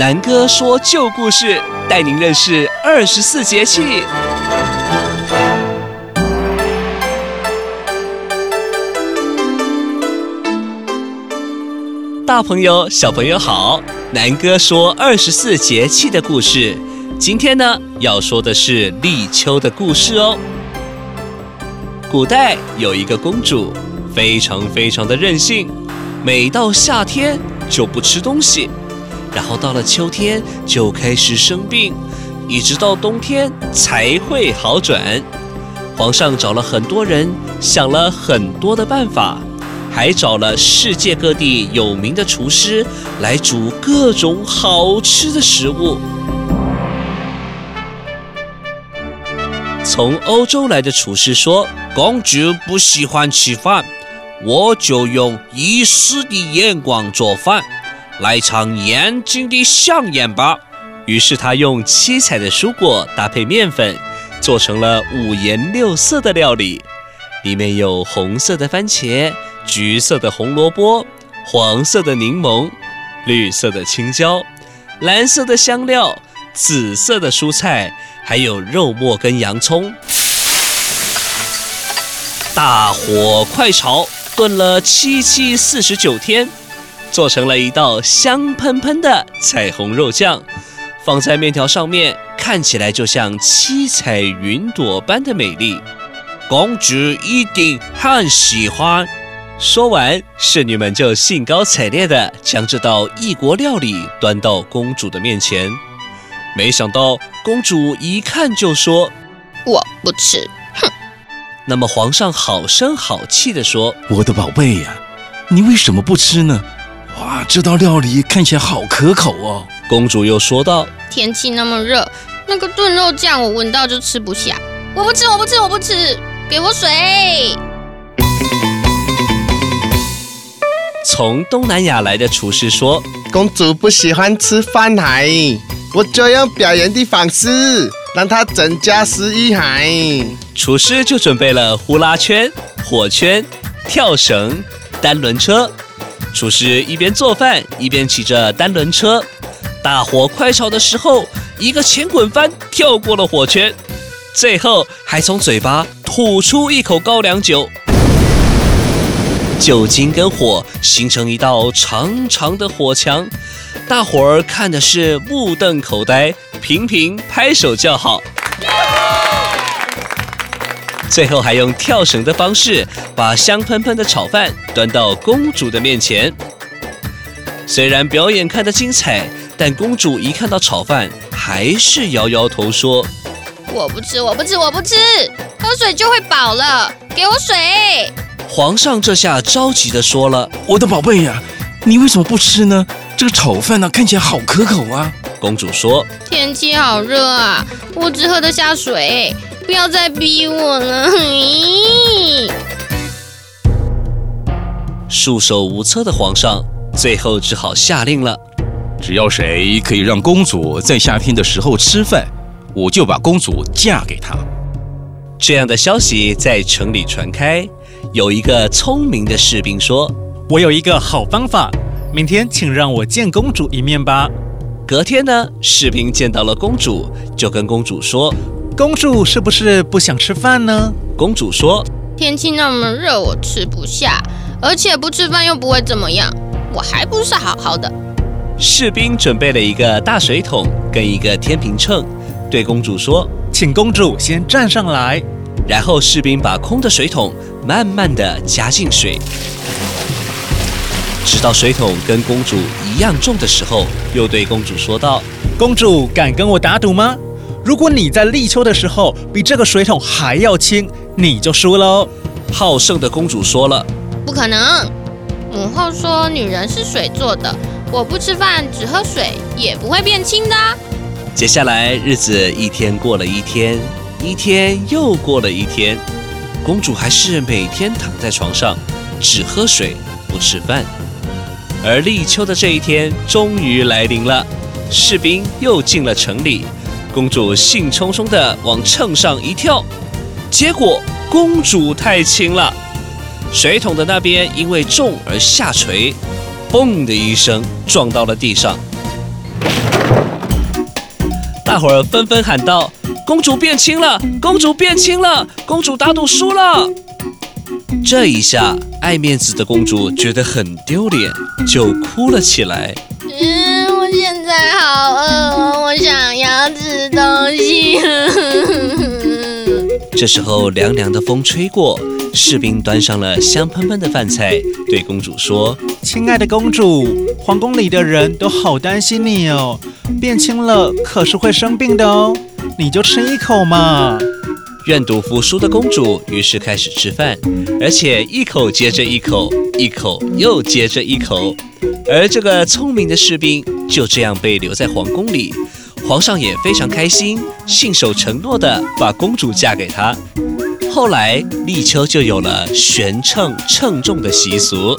南哥說舊故事，帶您認識二十四節氣。大朋友、小朋友好！南哥說二十四節氣的故事，今天呢要說的是立秋的故事哦。古代有一個公主，非常非常的任性，每到夏天就不吃東西。然後到了秋天就開始生病，一直到冬天才會好轉。皇上找了很多人，想了很多的辦法，還找了世界各地有名的廚師來煮各種好吃的食物。從歐洲來的廚師說：“公主不喜歡吃飯，我就用醫師的眼光做飯。”來一場顏值的盛宴吧！於是他用七彩的蔬果搭配麵粉，做成了五顏六色的料理，裡面有紅色的番茄、橘色的紅蘿蔔、黃色的檸檬、綠色的青椒、藍色的香料、紫色的蔬菜，還有肉末跟洋蔥。大火快炒，燉了七七四十九天。做成了一道香噴噴的彩虹肉醬，放在麵條上面，看起來就像七彩雲朵般的美麗。公主一定很喜歡。說完，侍女們就興高采烈地將這道異國料理端到公主的面前。沒想到，公主一看就說：“我不吃。”哼。那麼皇上好聲好氣地說：“我的寶貝呀、啊，你為什麼不吃呢？”哇，這道料理看起來好可口哦、啊！公主又說道：“天氣那麼熱，那個燉肉醬我聞到就吃不下，我不吃，我不吃，我不吃！給我水。”從東南亞來的廚師說：“公主不喜歡吃飯海，還我就用表演的方式讓她增加食慾。”還廚師就準備了呼啦圈、火圈、跳繩、單輪車。廚師一邊做飯，一邊騎着單輪車。大火快炒的時候，一個前滾翻跳過了火圈，最後還從嘴巴吐出一口高粱酒。酒精跟火形成一道長長的火牆，大伙兒看的是目瞪口呆，頻頻拍手叫好。最後還用跳繩的方式把香噴噴的炒飯端到公主的面前。雖然表演看得精彩，但公主一看到炒飯，還是搖搖頭說：“我不吃，我不吃，我不吃，喝水就會飽了，給我水。”皇上這下着急地說了：“我的寶貝呀、啊，你為什麼不吃呢？這個炒飯呢、啊，看起來好可口啊。”公主說：“天氣好熱啊，我只喝得下水。”不要再逼我了！束手無策的皇上最後只好下令了：只要誰可以讓公主在夏天的時候吃飯，我就把公主嫁給他。這樣的消息在城裡傳開，有一個聰明的士兵說：“我有一個好方法，明天請讓我見公主一面吧。”隔天呢，士兵見到了公主，就跟公主說。公主是不是不想吃飯呢？公主說：“天氣那麼熱，我吃不下，而且不吃飯又不會怎麼樣，我還不是好好的。”士兵準備了一個大水桶跟一個天平秤，對公主說：“請公主先站上來。”然後士兵把空的水桶慢慢的加進水，直到水桶跟公主一樣重的時候，又對公主說道：“公主敢跟我打賭嗎？”如果你在立秋的時候比這個水桶還要輕，你就輸了。好勝的公主說了：“不可能！”母後說：“女人是水做的，我不吃飯只喝水也不會變輕的。”接下來日子一天過了一天，一天又過了一天，公主還是每天躺在床上，只喝水不吃飯。而立秋的這一天終於來臨了，士兵又進了城裡。公主興沖沖的往秤上一跳，結果公主太輕了，水桶的那邊因為重而下垂，嘣的一聲撞到了地上。大夥兒紛紛喊道：“公主變輕了，公主變輕了，公主打賭輸了。”這一下，愛面子的公主覺得很丟臉，就哭了起來。嗯這時候，涼涼的風吹過，士兵端上了香噴噴的飯菜，對公主說：“親愛的公主，皇宮裡的人都好擔心你哦，變輕了可是會生病的哦，你就吃一口嘛。”願賭服輸的公主於是開始吃飯，而且一口接着一口，一口又接着一口。而這個聰明的士兵就這樣被留在皇宮裡。皇上也非常開心，信守承諾的把公主嫁給他。後來立秋就有了懸秤稱重的習俗，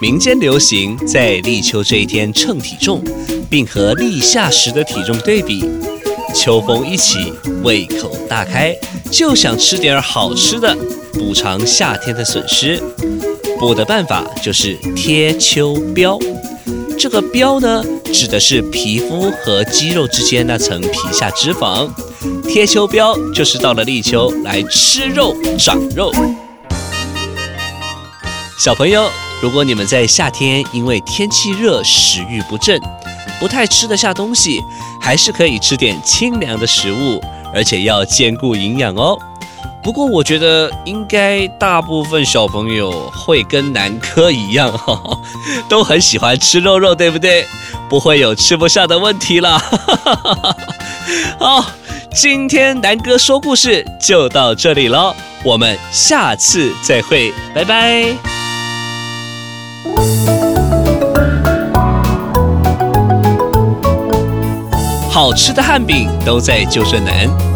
民間流行在立秋這一天稱體重，並和立夏時的體重對比。秋風一起，胃口大開，就想吃點好吃的補償夏天的損失。補的辦法就是貼秋膘。這個膘呢，指的是皮膚和肌肉之間那層皮下脂肪。貼秋膘就是到了立秋來吃肉長肉。小朋友，如果你們在夏天因為天氣熱食欲不振，不太吃得下東西，還是可以吃點清涼的食物，而且要兼顧營養哦。不過我覺得應該大部分小朋友會跟南哥一樣哈，都很喜歡吃肉肉，對不對？不會有吃不下的問題了。 好，今天南哥說故事就到這裡了，我們下次再會，拜拜。好吃的漢堡都在就順南。